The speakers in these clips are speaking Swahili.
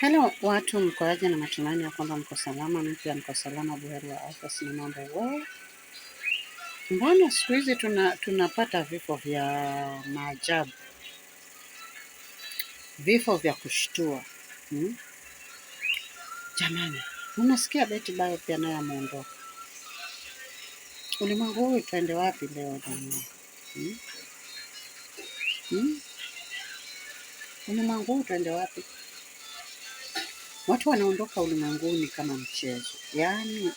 Hello watu, mkoaje? Na matumaini ya kwamba mko salama, pia mko salama buheri wa afya, sina mambo wewe. Mbona siku hizi tuna tunapata vifo vya maajabu, vifo vya kushtua hmm? Jamani, unasikia Betty Bayo pia naye ameondoka ulimwengu huu, tuende wapi leo jamani hmm? hmm? ulimwengu huu tuende wapi? Watu wanaondoka ulimwenguni kama mchezo, yaani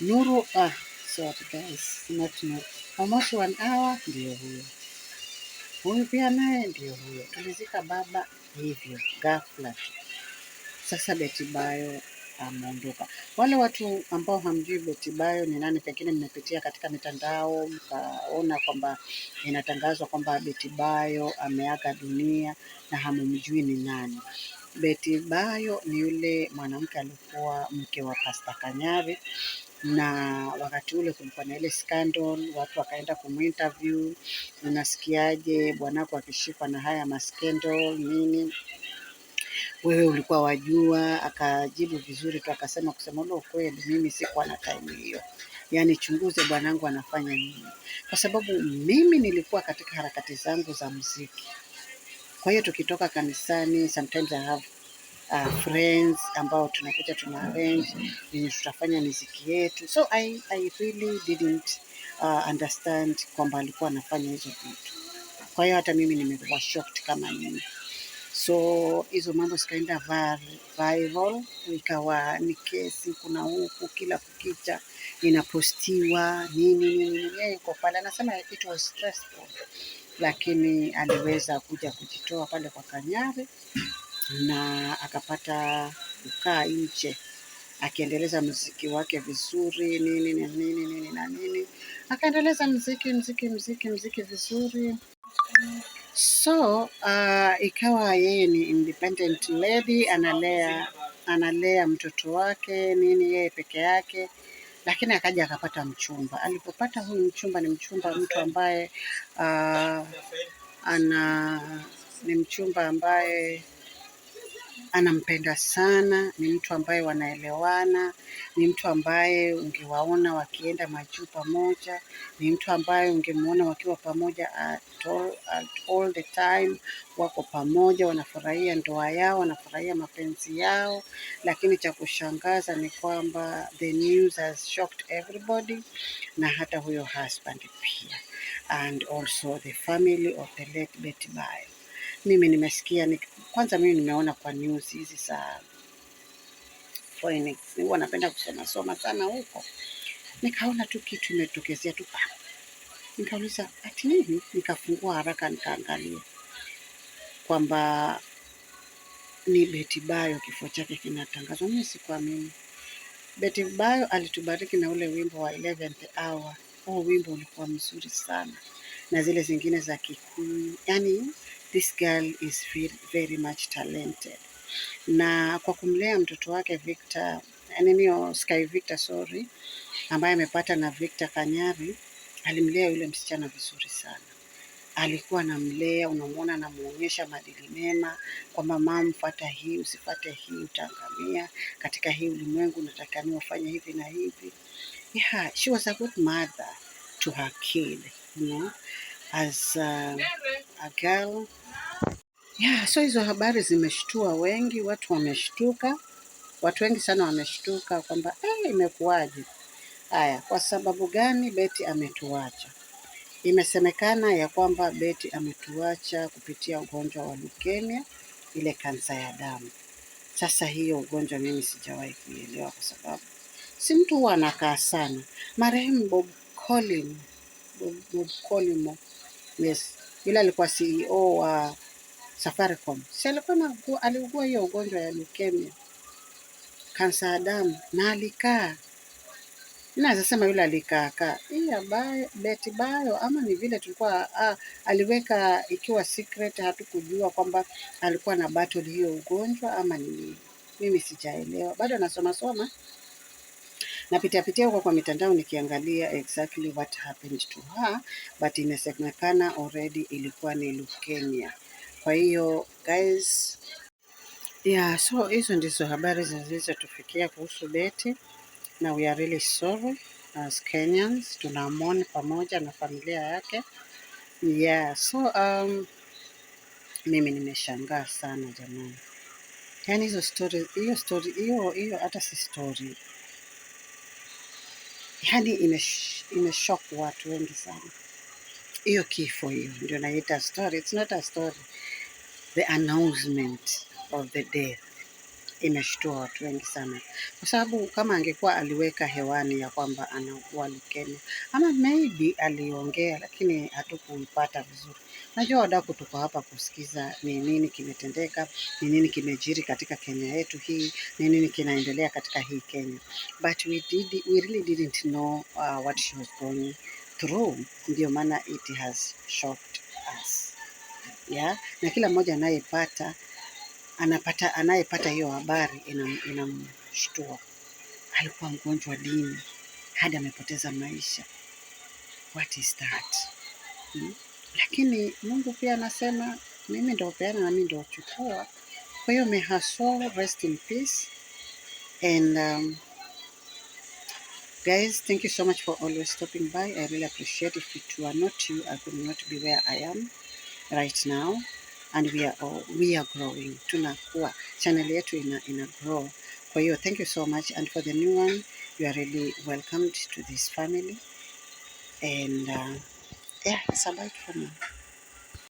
Nuru. Ah, sorry guys, not Nuru. Almost one hour ndio huyo huyu, pia naye ndio huyo. Tulizika baba hivyo ghafla. Sasa Betty Bayo ameondoka. Wale watu ambao hamjui Betty Bayo ni nani, pengine mmepitia katika mitandao mkaona kwamba inatangazwa kwamba Betty Bayo ameaga dunia na hamumjui ni nani. Betty Bayo ni yule mwanamke alikuwa mke wa Pasta Kanyari, na wakati ule kulikuwa na ile scandal, watu wakaenda kuminterview, unasikiaje bwanako akishikwa na haya maskendo nini wewe ulikuwa wajua? Akajibu vizuri tu akasema, kusema ule ukweli, mimi sikuwa na time hiyo, yaani chunguze bwanangu anafanya nini, kwa sababu mimi nilikuwa katika harakati zangu za muziki. Kwa hiyo tukitoka kanisani, sometimes I have uh, friends ambao tunakuja tuna arrange yenye tutafanya muziki yetu, so I, I really didn't uh, understand kwamba alikuwa anafanya hizo vitu. Kwa hiyo hata mimi nimekuwa shocked kama nini so hizo mambo zikaenda viral, ikawa ni kesi, kuna huku kila kukicha inapostiwa nini nini nini, yuko pale anasema it was stressful, lakini aliweza kuja kujitoa pale kwa Kanyari na akapata kukaa nje akiendeleza mziki wake vizuri nini na nini nini na nini, akaendeleza mziki mziki mziki mziki vizuri. So uh, ikawa yeye ni independent lady, analea analea mtoto wake nini, yeye peke yake, lakini akaja akapata mchumba. Alipopata huyu mchumba, ni mchumba mtu ambaye uh, ana ni mchumba ambaye anampenda sana, ni mtu ambaye wanaelewana, ni mtu ambaye ungewaona wakienda majuu pamoja, ni mtu ambaye ungemwona wakiwa pamoja at all, at all the time, wako pamoja, wanafurahia ndoa yao, wanafurahia mapenzi yao. Lakini cha kushangaza ni kwamba the news has shocked everybody, na hata huyo husband pia and also the family of the late Betty Bayo mimi nimesikia ni, kwanza mimi nimeona kwa news hizi za Phoenix. huwa napenda kusoma soma sana huko, nikaona tu kitu imetokezea tu ah, nikauliza ati nini, nikafungua haraka nikaangalia kwamba ni Betty Bayo kifo chake kinatangazwa. Mimi sikuamini. Betty Bayo alitubariki na ule wimbo wa 11th hour. Huo wimbo ulikuwa mzuri sana na zile zingine za Kikuyu, yani this girl is very much talented. Na kwa kumlea mtoto wake Victor nini, oh, Sky Victor sorry, ambaye amepata na Victor Kanyari, alimlea yule msichana vizuri sana alikuwa anamlea, unamwona, anamuonyesha maadili mema kwamba mama, mfata hii, usifate hii, utaangamia katika hii ulimwengu, unatakaniwa ufanye hivi na hivi. Yeah, she was a good mother to her kid, you know, as a, a girl Yeah, so hizo habari zimeshtua wengi, watu wameshtuka, watu wengi sana wameshtuka kwamba hey, eh, imekuwaje? Haya, kwa sababu gani Betty ametuacha? Imesemekana ya kwamba Betty ametuacha kupitia ugonjwa wa leukemia, ile kansa ya damu. Sasa hiyo ugonjwa mimi sijawahi kuielewa, kwa sababu si mtu huwa anakaa sana. Marehemu Bob Collymore, Bob, Bob Collymore, yes, ila alikuwa CEO wa Safaricom. Si alikuwa aliugua hiyo ugonjwa ya leukemia, kansa ya damu na alikaa naweza sema yule alikaakaa hii beti bayo, ama ni vile tulikuwa aliweka ikiwa secret, hatukujua kwamba alikuwa na battle hiyo ugonjwa ama ni nini. Mimi sijaelewa bado, nasoma soma, napitia pitia huko kwa mitandao nikiangalia exactly what happened to her, but inasemekana already ilikuwa ni leukemia. Kwa hiyo guys, yeah, so hizo ndizo habari zilizotufikia kuhusu Betty na we are really sorry as Kenyans, tunamwona pamoja na familia yake yeah. So um, mimi nimeshangaa sana jamani, yaani hizo story, hiyo story hiyo hiyo hata si story, yaani imeshock watu wengi sana hiyo kifo hiyo ndio naita story. It's not a story, the announcement of the death imeshtua watu wengi sana, kwa sababu kama angekuwa aliweka hewani ya kwamba anaugua leukemia ama maybe aliongea, lakini hatukumpata vizuri. Najua wadau, tuko hapa kusikiza ni nini kimetendeka, ni nini kimejiri katika Kenya yetu hii, ni nini kinaendelea katika hii Kenya, but we did, we really didn't know uh, what she was going through, ndio maana it has shocked us yeah. Na kila mmoja anayepata anapata anayepata hiyo habari inamshtua, ina alikuwa mgonjwa dini hadi amepoteza maisha. What is that hmm? Lakini Mungu pia anasema mimi ndio peana na mimi ndio chukua. Kwa hiyo may rest in peace and um, Guys, thank you so much for always stopping by. I really appreciate If it were not you, I could not be where I am right now and we are, all, we are growing, Tunakua. channel yetu ina, ina grow. Kwa you thank you so much and for the new one you are really welcomed to this family and uh, yeah, it's about for me